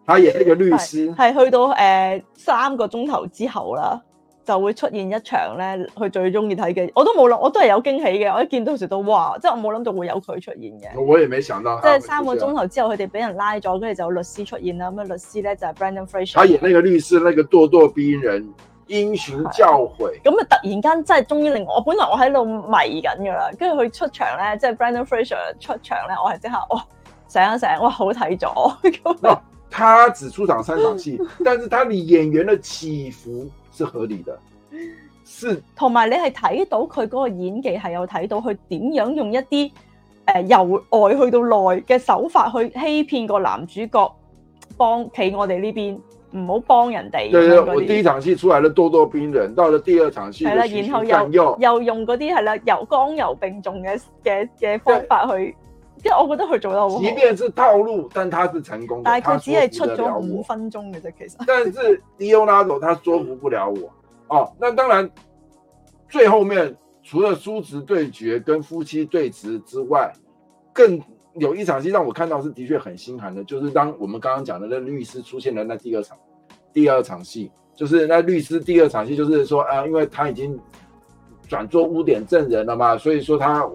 他演呢個律師。係去到誒、呃、三個鐘頭之後啦，就會出現一場咧，佢最中意睇嘅。我都冇諗，我都係有驚喜嘅。我一見到時都哇，即係我冇諗到會有佢出現嘅。我也沒想到。即係三個鐘頭之後他被，佢哋俾人拉咗，跟住就有律師出現啦。咁啊，律師咧就係、是、Brandon Fraser。他演呢個律師，那個咄咄逼人，英雄教誨。咁啊，就突然間即係終於令我本來我喺度迷緊噶啦，跟住佢出場咧，即、就、係、是、Brandon Fraser 出場咧，我係即刻、哦醒一，啊，醒啊，哇，好睇咗！咁、 哦，他只出場三場戲， 但是他哋演員的起伏是合理的，是同埋你係睇到佢嗰個演技係有睇到佢點樣用一啲誒，呃，由外去到內嘅手法去欺騙個男主角幫，幫企我哋呢邊唔好幫人哋。對，對，對些我第一場戲出嚟，了咄咄逼人，到了第二場戲係啦，然後又又用嗰啲係啦由剛柔並重嘅嘅嘅方法去。即我覺得佢做得即便是套路，但他是成功的，但係只係出咗五分鐘嘅啫，其實。但是迪又拉走， Leonardo，他說服不了我。哦，那當然，最後面除了叔侄對決跟夫妻對峙之外，更有一場戲讓我看到的是的確很心寒的，就是當我們剛剛講的那律師出現的那第二場，第二場戲就是那律師第二場戲就是說啊，因為他已經轉做污點證人了嘛，所以說他。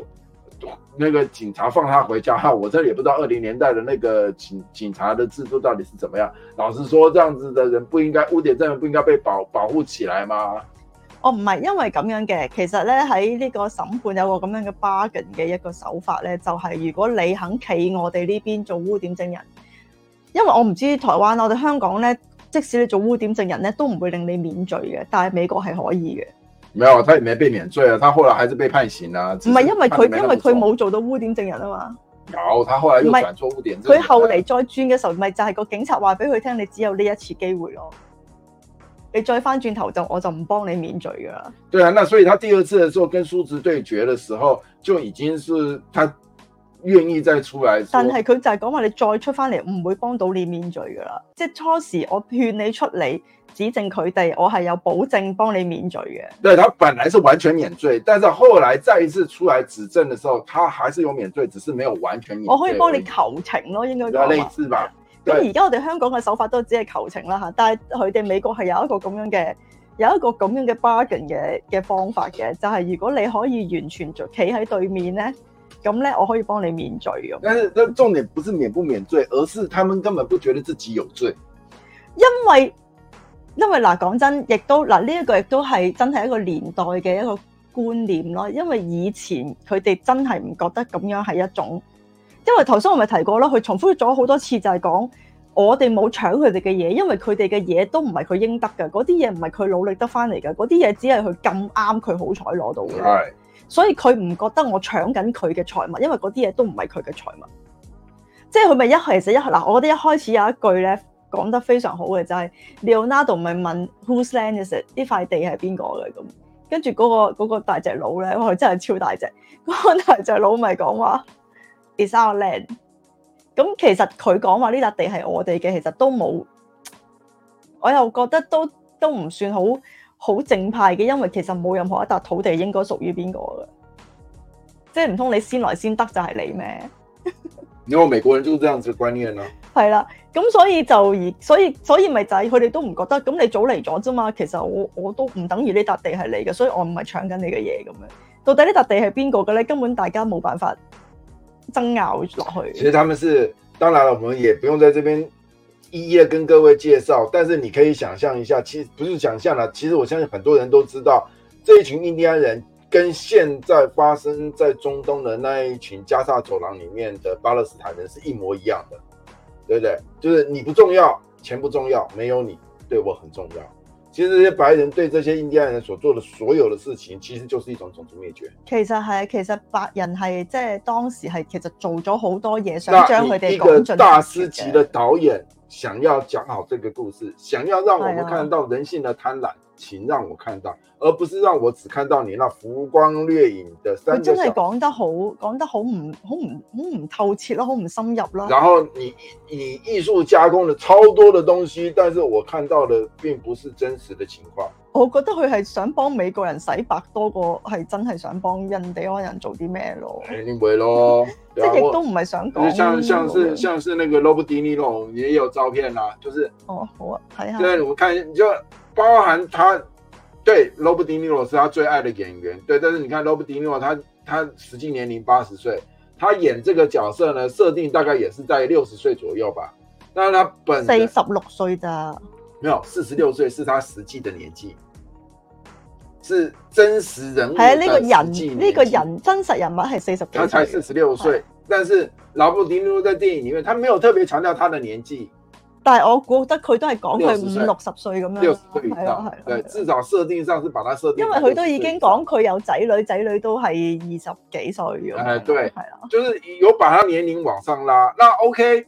那個警察放他回家，我真係也不知道二零年代的那個警警察的制度到底是怎麼樣。老實說，這樣子的人不應該污點證人，不應該被保保護起來嗎？我唔係因為咁樣嘅，其實咧喺呢個審判有個咁樣嘅 bargain 嘅一個手法咧，就係如果你肯企我哋呢邊做污點證人，因為我唔知台灣、我哋香港咧，即使你做污點證人咧，都唔會令你免罪嘅，但係美國係可以嘅。沒有，他也沒被免罪啊，他後來還是被判刑啊。唔係因為佢，因為佢冇做到污點證人啊嘛。有，他後來又轉錯污點。佢是、就是、後嚟再轉嘅時候，咪就係個警察話俾佢聽，你只有呢一次機會咯。你再翻轉頭就，我就唔幫你免罪噶啦。對啊，那所以他第二次嘅時候跟叔侄對決嘅時候，就已經是他願意再出來。但係佢就係講話，你再出翻嚟唔會幫到你免罪噶啦。即、就、係、是、初時我勸你出嚟。指證佢哋，我係有保證幫你免罪嘅。對，他本來是完全免罪，但是後來再一次出來指證的時候，他還是有免罪，只是沒有完全免。我可以幫你求情咯，應該講。類似吧。咁而家我哋香港嘅手法都只係求情啦吓，但係佢哋美國係有一個咁樣嘅，有一個咁樣嘅 bargain 嘅嘅方法嘅，就係、是、如果你可以完全就企喺對面咧，咁咧我可以幫你免罪嘅。但係，重點不是免不免罪，而是他們根本不覺得自己有罪，因為。因為嗱，講真，亦都嗱呢一個亦都係真係一個年代嘅一個觀念咯。因為以前佢哋真係唔覺得咁樣係一種，因為頭先我咪提過咯，佢重複咗好多次就係講我哋冇搶佢哋嘅嘢，因為佢哋嘅嘢都唔係佢應得嘅，嗰啲嘢唔係佢努力得翻嚟嘅，嗰啲嘢只係佢咁啱佢好彩攞到嘅。係，所以佢唔覺得我搶緊佢嘅財物，因為嗰啲嘢都唔係佢嘅財物。即係佢咪一開始一嗱？我覺得一開始有一句咧。講得非常好嘅就係、是、Leonardo 咪問 Whose land is it？呢塊地係邊個嘅咁？跟住嗰、那個那個大隻佬咧，哇！真係超大隻。嗰、那個大隻佬咪講話 Is our land？咁其實佢講話呢笪地係我哋嘅，其實都冇。我又覺得都都唔算好好正派嘅，因為其實冇任何一笪土地應該屬於邊個嘅。即係唔通你先來先得就係你咩？ 因為美國人就是這樣子的觀念啦、啊，係啦，咁所以就而所以所以咪就係佢哋都唔覺得，咁你早嚟咗啫嘛，其實我我都唔等於呢笪地係你嘅，所以我唔係搶緊你嘅嘢咁樣。到底呢笪地係邊個嘅咧？根本大家冇辦法爭拗落去。其實他們是，當然啦，我們也不用在這邊一一一的跟各位介紹，但是你可以想象一下，其實不是想象啦，其實我相信很多人都知道，這一群印第安人。跟現在發生在中東的那一群加沙走廊裏面的巴勒斯坦人是一模一樣的，對不對？就是你不重要，錢不重要，沒有你對我很重要。其實這些白人對這些印第安人所做的所有的事情，其實就是一種種族滅絕。其實係，其實白人係，即係當時係，其實做咗好多嘢，想將佢哋趕盡。一個大師級的導演，想要講好這個故事，想要讓我們看到人性的貪婪，啊、請讓我看到，而不是讓我只看到你那浮光掠影的三。你真的講得好，講得好唔好唔好唔透徹，好唔深入了。然後你你藝術加工了超多的東西，但是我看到的並不是真實的情況。我覺得佢係想幫美國人洗白多過係真係想幫印第安人做啲咩咯？肯定會咯。即係亦都唔係想講。 像像是像是那個 Rob De Niro 也有照片啦，就是哦，好啊，係啊。對，我睇就包含他，對 Rob De Niro 是他最愛的演員，對，但是你看 Rob De Niro 他他實際年齡八十歲，他演這個角色呢，設定大概也是在六十歲左右吧。但係他本四十六歲咋？沒有四十六歲是他實際的年紀。是真實人物的實，係啊呢、這個人呢、這個人真實人物係四十幾歲，佢才四十六歲，是啊、但是勞勃狄尼洛在電影裏面，他沒有特別強調他的年紀，但係我覺得佢都係講佢五六十歲咁樣，六十歲以上，係啊係啊，對，啊對，啊對，啊對，至少設定上是把他設定，因為佢都已經講佢有仔女，仔女都係二十幾歲咁樣、啊，對，係啦、啊，就是有把他年齡往上拉，那 OK。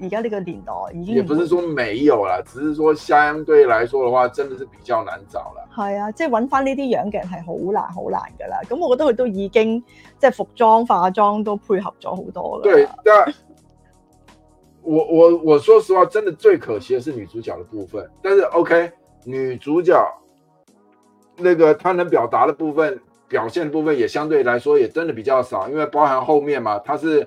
而家呢個年代已經，也不是說沒有啦，只是說相對來說的話，真的是比較難找了。係啊，即係揾翻呢啲樣嘅人係好難好難噶啦。咁我覺得佢都已經即係、就是、服裝化妝都配合咗好多啦。對，但我我我說實話，真的最可惜嘅係女主角的部分。但是 OK，女主角那個她能表達的部分、表現的部分，也相對來說也真的比較少，因為包含後面嘛，她是。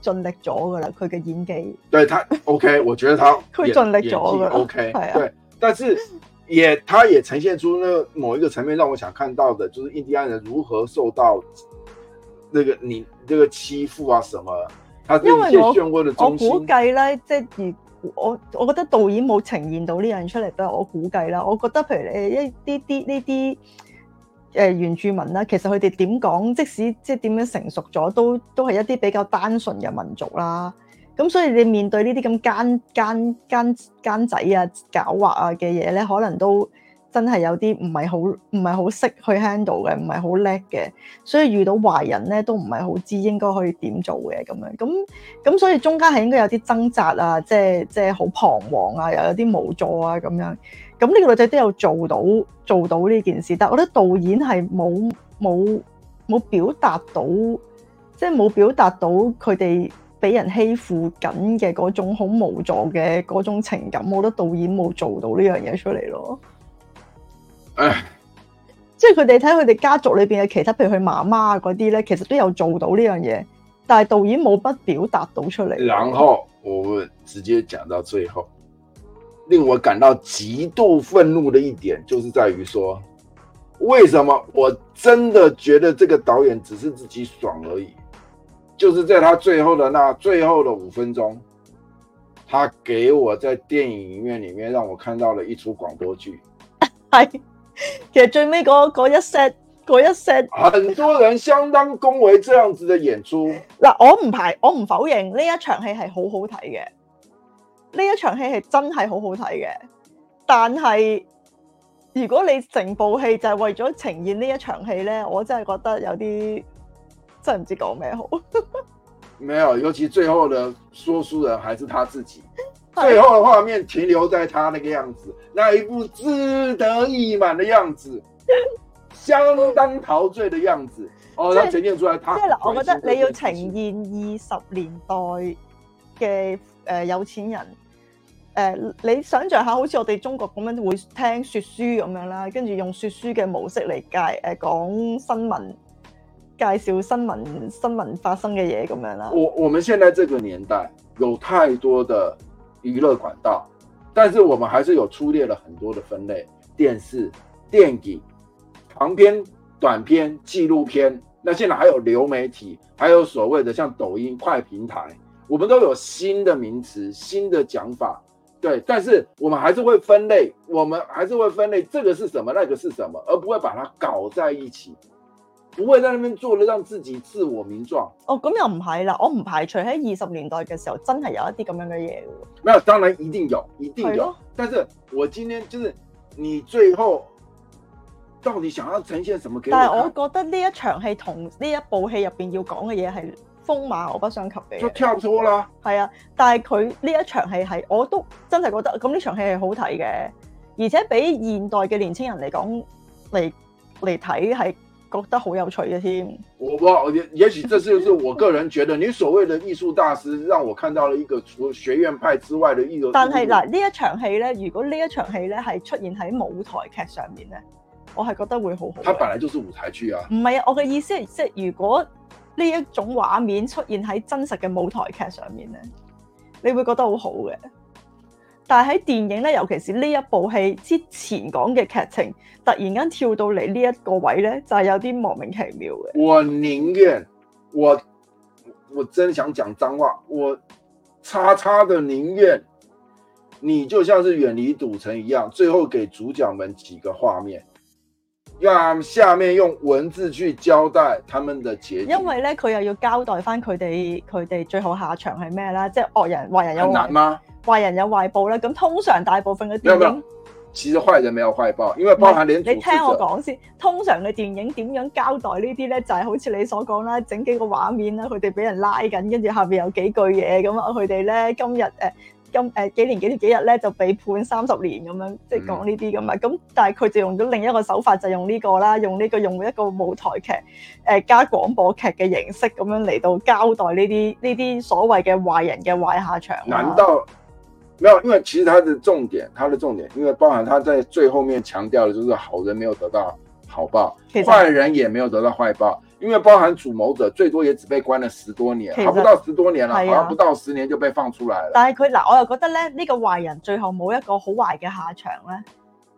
盡力咗噶啦，佢嘅演技。 他了了對他 OK，我覺得他佢盡 力咗噶 OK，係啊。對但係，也，他也呈現出那個某一個層面，讓我想看到嘅，就是印第安人如何受到呢、那個你呢個欺負啊，什麼？他些的因為漩渦度，我估計啦，即係如我，我覺得導演冇呈現到呢樣出嚟，但係我估計啦，我覺得譬如你一啲啲呢啲。誒原住民啦，其實佢哋點講，即使即係點樣成熟咗，都都係一啲比較單純嘅民族啦。咁所以你面對呢啲咁奸奸奸奸仔啊、狡猾啊嘅嘢咧，可能都真係有啲唔係好唔係好識去 handle 嘅，唔係好叻嘅。所以遇到壞人咧，都唔係好知應該可以點做嘅咁樣。咁咁所以中間係應該有啲掙扎啊，即係即係好彷徨啊，又有啲無助啊咁樣。咁呢個女仔都有做到做到呢件事，但係我覺得導演係冇冇冇表達到，即係冇表達到佢哋俾人欺負緊嘅嗰種好無助嘅嗰種情感，我覺得導演冇做到呢樣嘢出嚟咯。唉即係佢哋睇佢哋家族裏邊嘅其他，譬如佢媽媽嗰啲咧，其實都有做到呢樣嘢，但係導演冇不表達到出嚟。然後我直接講到最後。令我感到極度憤怒的一點，就是在於說，為什麼我真的覺得這個導演只是自己爽而已？就是在他最後的那最後的五分鐘，他給我在電影，影院裏面讓我看到了一出廣播劇。係，其實最尾嗰一 set 嗰一 set，很多人相當恭維這樣子的演出。嗱，我唔排，我唔否認，呢一場戲係好好睇嘅。呢一場戲係真係好好睇嘅，但係如果你成部戲就係為咗呈現呢一場戲咧，我真係覺得有啲真係唔知講咩好。 沒有，尤其最後嘅說書人還是他自己， 最後嘅畫面停留在他那個樣子，那一副志得意滿嘅樣子， 相當陶醉嘅樣子。哦，然後前面仲有他。即係嗱，我覺得你要呈現二十年代嘅誒、呃、有錢人。誒、呃，你想象下，好似我哋中國咁樣會聽說書咁樣啦，跟住用說書嘅模式嚟，介誒，講新聞，介紹新聞，新聞發生嘅嘢，咁樣啦。我我們現在這個年代有太多的娛樂管道，但是我們還是有粗略了很多的分類，電視、電影、長片、短片、紀錄片，那現在還有流媒體，還有所謂的像抖音快平台，我們都有新的名詞、新的講法。對，但是我們還是會分類，我們還是會分類，這個是什麼，那個是什麼，而不會把它搞在一起，不會在那邊做的讓自己自我名狀。哦，咁又唔係啦，我唔排除喺二十年代嘅時候真係有一啲咁樣嘅嘢嘅沒有，當然一定有，一定有。是哦、但是我今天就是你最後到底想要呈現什麼給我？但係我覺得呢一場戲同呢一部戲入邊要講嘅嘢係。風馬牛不相及就跳咗啦。係啊，但係佢呢一場戲係，我都真係覺得咁呢場戲係好睇嘅，而且比現代嘅年輕人嚟講嚟嚟睇係覺得好有趣嘅添。我話也，也許這次是我個人覺得，你所謂嘅藝術大師，讓我看到了一個除學院派之外的藝術。 但係嗱，呢一場戲咧，如果呢一場戲咧係出現喺舞台劇上面咧，我係覺得會好好。佢本來就是舞台劇啊。唔係啊，我嘅意思係即係如果。呢一種畫面出現喺真實嘅舞台劇上面咧，你會覺得好好嘅。但係喺電影咧，尤其是呢一部戲之前講嘅劇情，突然間跳到嚟呢一個位咧，就係有啲莫名其妙嘅。我寧願我我，真想講髒話，我叉叉的，寧願你就像是遠離賭城一樣，最後給主角們幾個畫面。下面用文字去交代他們的結局，因為咧佢又要交代翻佢哋佢哋最後下場係咩啦，即係惡人壞人有難嗎？壞人有壞，嗎壞，人有壞報啦。咁通常大部分嘅電影沒有沒有，其實壞人沒有壞報，因為包含連。你聽我講先，通常嘅電影點樣交代這些呢啲咧？就係、是、好似你所講啦，整幾個畫面啦，佢哋俾人拉緊，跟住下面有幾句嘢咁啊，佢哋咧今日誒。呃咁誒幾年幾年幾日咧就被判三十年咁樣，即係講呢啲咁啊！咁但係佢就用咗另一個手法，就用呢個啦，用呢個用一個舞台劇誒加廣播劇嘅形式咁樣嚟到交代呢啲呢啲所謂嘅壞人嘅壞下場，啊。難道？因為因為其實他的重點，他的重點，因為包含他在最後面強調的，就是好人沒有得到好報，其實，壞人也沒有得到壞報。因為包含主謀者，最多也只被關了十多年，其實，差唔到十多年啦，啊、好像不到十年就被放出來了。但係佢嗱，我又覺得咧，呢、這個壞人最後冇一個好壞嘅下場咧，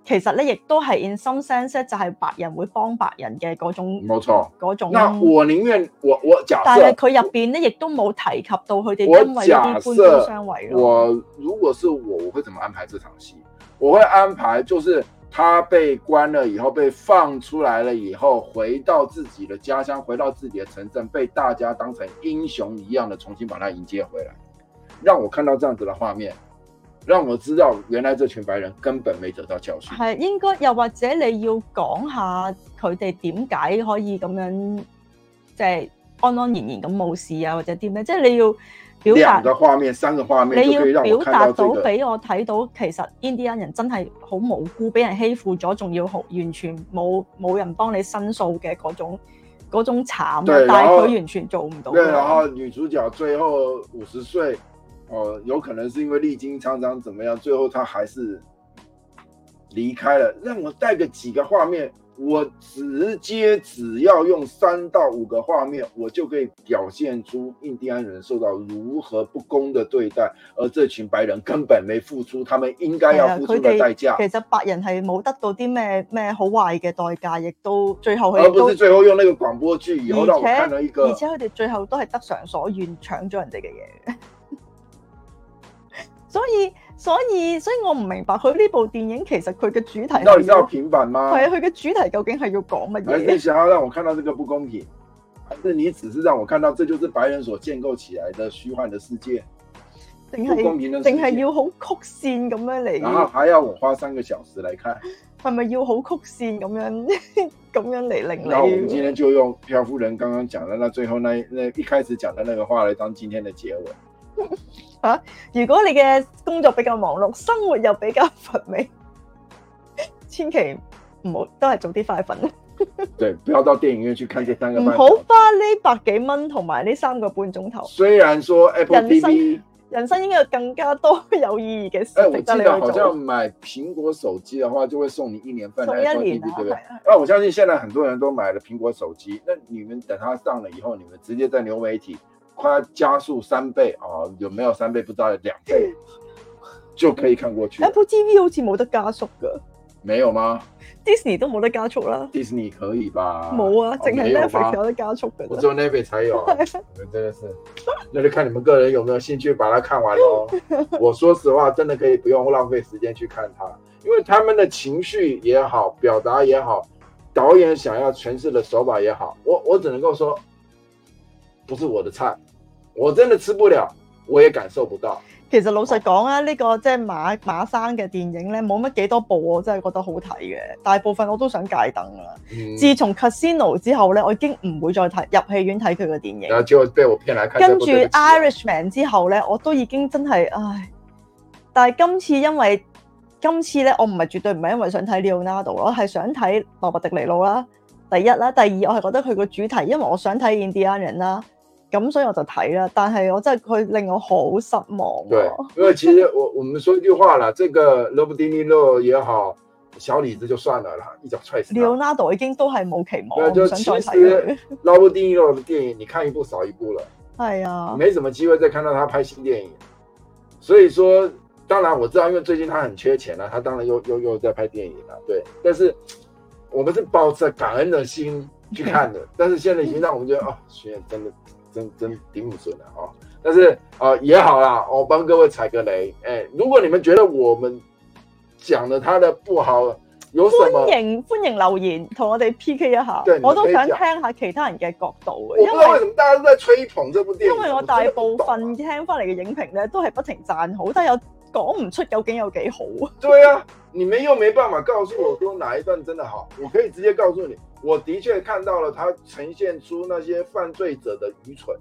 其實咧亦都係 in some sense 就係白人會幫白人嘅嗰種，冇錯嗰種。我寧願我我假設，但係佢入邊咧亦都冇提及到佢哋因為一啲官官相衛。我，我如果是我，我會怎麼安排這場戲？我會安排就是。他被關了以後，被放出來了以後，回到自己的家鄉，回到自己的城鎮，被大家當成英雄一樣的重新把他迎接回來，讓我看到這樣子的畫面，讓我知道原來這群白人根本沒得到教訓。係應該，又或者你要講下，佢哋點解可以咁樣，即係安安然然咁冇事啊，或者啲咩？即係你要。兩個畫面、三個畫面，你要表達到俾我睇到、這個、到，其實印第安人真係好無辜，俾人欺負咗，仲要好完全冇冇人幫你申訴嘅嗰種嗰種慘，但係佢完全做唔到對。然後女主角最後五十歲、呃，有可能係因為歷經滄桑，怎麼樣最後她還是離開了。讓我帶個幾個畫面。我直接只要用三到五個畫面，我就可以表現出印第安人受到如何不公的對待，而這群白人根本沒付出他們應該要付出的代價。其實白人係冇得到啲咩咩好壞嘅代價，亦都最後佢哋都不是最後用那個廣播劇，以後讓我看到一個，而且佢哋最後都係得償所願，搶咗人哋嘅嘢。所以。所以，所以我唔明白佢呢部電影其實佢嘅主題你到底要平反嗎？係啊，佢嘅主題究竟係要講乜嘢？你想要讓我看到這個不公平，還是你只是讓我看到這就是白人所建構起來的虛幻的世界？是不公平定係要好曲綫咁樣嚟？然後還要我花三個小時來看？係咪要好曲綫咁樣咁樣嚟令你？ 然後我們今天就用漂夫人剛剛講的那最後那那一開始講的那個話來當今天的結尾。 如果你嘅工作比較忙碌，生活又比較乏味，千祈唔好都係早啲快瞓。 對，不要到電影院去看這三個。唔好花呢百幾蚊同埋呢三個半鐘頭。雖然說 Apple TV, 人，人生人生應該有更加多有意義嘅事、欸。我記得好像買蘋果手機嘅話，就會送你一年份送一年送，對唔對？的啊，我相信現在很多人都買了蘋果手機，那你們等它上了以後，你們直接在流媒體。快加速三倍哦，啊，有沒有三倍不？不知道，兩倍 就可以看過去。Apple TV 好像冇得加速的，沒有嗎？Disney 都冇得加速啦。哦。Disney 可以吧？冇啊，淨係 Netflix 有得加速。哦，有，我只有 Netflix 才有。啊， 真的是。那就看你們個人有沒有興趣把它看完咯。哦。 我說實話，真的可以不用浪費時間去看它，因為他們的情緒也好，表達也好，導演想要詮釋的手法也好，我我只能夠說。不是我的菜，我真的吃不了，我也感受不到。其實老實講啊，呢個即係馬馬生嘅電影咧，冇乜幾多部我真係覺得好睇嘅，大部分我都想戒燈啦。嗯、自從 Casino 之後咧，我已經唔會再睇入戲院睇佢嘅電影。然就被我騙嚟，跟住 Irishman 之後咧，我都已經真係唉。但係今次因為今次咧，我唔係絕對唔係因為想睇 Leonardo 咯，我係想睇羅拔迪尼路啦，第一啦，第二我係覺得佢個主題，因為我想睇 Indian 人啦。咁所以我就睇啦，但係我真係佢令我好失望，哦。對，因為其實我我們說一句話啦， 這個羅拔迪尼路也好，小李子就算了啦，一腳踹死。Leonardo 已經都係冇期望，就其實羅拔迪尼路的電影，你看一部少一部了係啊， 沒什麼機會再看到他拍新電影。所以說，當然我知道，因為最近他很缺錢啊，他當然又又又在拍電影了，啊、對，但是我們是抱着感恩的心去看的， 但是現在已經讓我們覺得，哦，真係真的。真真頂不順了啊！但是啊、呃、也好了，我幫各位踩個雷、欸。如果你們覺得我們講的它的不好，有什麼歡迎歡迎留言同我哋 P K 一下，我都想聽下其他人嘅角度。因為不知道為什麼大家都在吹捧這部電影，因為我大部分聽翻嚟嘅影評呢都係不停讚好，但又講唔出究竟有幾好。對啊，你們又沒辦法告訴我，說哪一段真的好， 我可以直接告訴你。我的確看到了他呈現出那些犯罪者的愚蠢，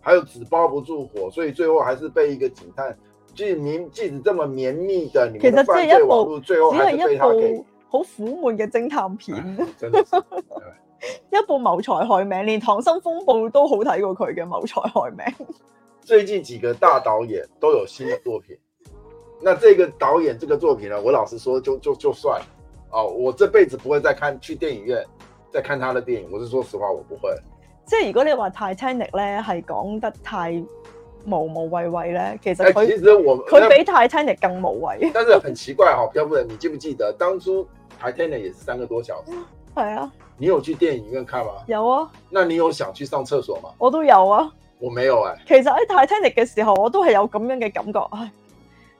還有紙包不住火，所以最後還是被一個警探，即使這麼綿密的，你們的犯罪其實這一部只是一部好苦悶的偵探片，一部謀財害命，連《溏心風暴》都好睇過佢嘅謀財害命。最近幾個大導演都有新的作品，那這個導演這個作品呢？我老實說就，就就就算了，哦，我這輩子不會再看去電影院，在看他的電影，我是說實話我不會。即係如果你話 Titanic 咧，係講得太無無謂謂咧，其實佢、欸、其實我佢比 Titanic 更無謂。但是很奇怪哈、哦，漂夫人，你記不記得當初 Titanic 也是三個多小時？係啊，你有去電影院看嗎？有啊。那你有想去上廁所嗎？我都有啊。我沒有啊、欸。其實喺 Titanic 嘅時候，我都係有咁樣嘅感覺，唉，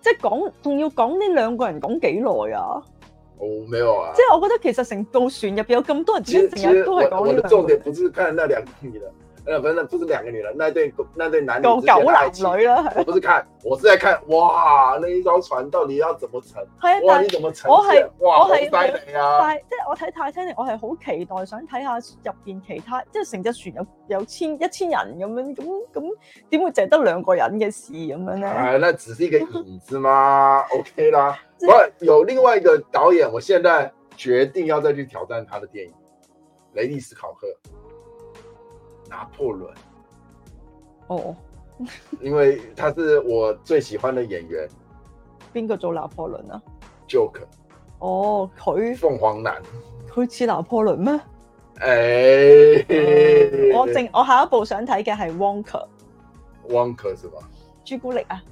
即係講仲要講呢兩個人講幾耐啊？.哦，沒有啊，即係我覺得其實成渡船入邊有咁多人這的其，其實成日都係講呢樣嘢，我的重點不是看那兩句的。不，反正不是兩個女人，那對那對男女狗男女之間的愛情。我不是看，我是在看哇，那一艘船到底要怎麼沉？的哇，但 你怎麼沉？我係是哇我係太太平啊！即係、就是、我睇《泰坦尼克》，我係好期待想睇下入邊其他，即係成隻船有有千一千人咁樣，咁咁點會淨得兩個人嘅事咁樣咧？係啊，那只是一個椅子嘛 ，OK 啦。不過的有另外一個導演，我現在決定要再去挑戰他的電影《雷利斯考克》。拿破崙，哦，因為他是我最喜歡的演員。邊個做拿破崙啊？Joker。哦，佢。鳳凰男。佢似拿破崙咩？誒，我正，我下一部想睇嘅係 Wonka。Wonka 是嘛？朱古力啊。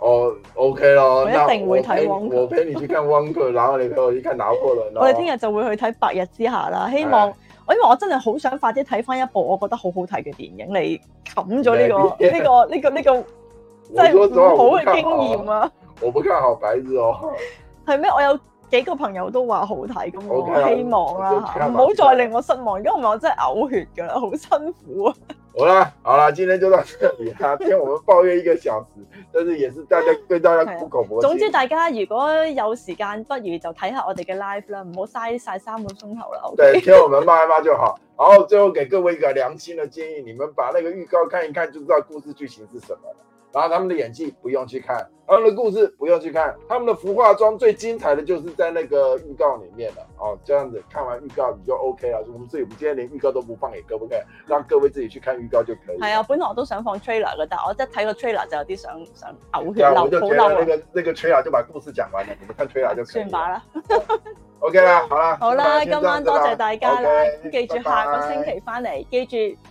哦，OK 咯，我一定會睇 Wonka。我陪你去看 Wonka，然後你再去看拿破崙。我哋聽日就會去睇《白日之下》啦，希望。我，因為我真係好想快啲睇翻一部我覺得很好好睇嘅電影嚟冚咗呢個呢、呢個呢、呢個呢、呢個 真係唔好嘅經驗啊！我會加學弟喎，係咩、哦？我有幾個朋友都話好睇，咁我希望啦、啊，唔好、okay、再令我失望，如果唔係我真係嘔血㗎啦，好辛苦啊！好了，好了，今天就到這裏啦。聽我們抱怨一個小時， 但是也是大家對大家苦口婆心、啊。總之，大家如果有時間，不如就睇下我哋嘅 live 啦，唔好嘥晒三個鐘頭啦、okay? 對，聽我們罵一罵就好。然後最後給各位一個良心的建議，你們把那個預告看一看，就知道故事劇情是什麼了。然後他們的演技不用去看，他們的故事不用去看，他們的服化妝最精彩的就是在那個預告裏面哦。這樣子看完預告你就 OK 了。我們自己，我們今天連預告都不放給各位看，讓各位自己去看預告就可以了。係啊，本來我都想放 trailer 的，但我一睇個 trailer 就有啲想想嘔血流、啊，我就覺得那個、啊、那個 trailer 就把故事講完了，你們看 trailer 就。算吧把啦了笑，OK 啦，好了，好啦，今晚多謝大家啦，okay, 拜拜記住下個星期翻嚟，記住。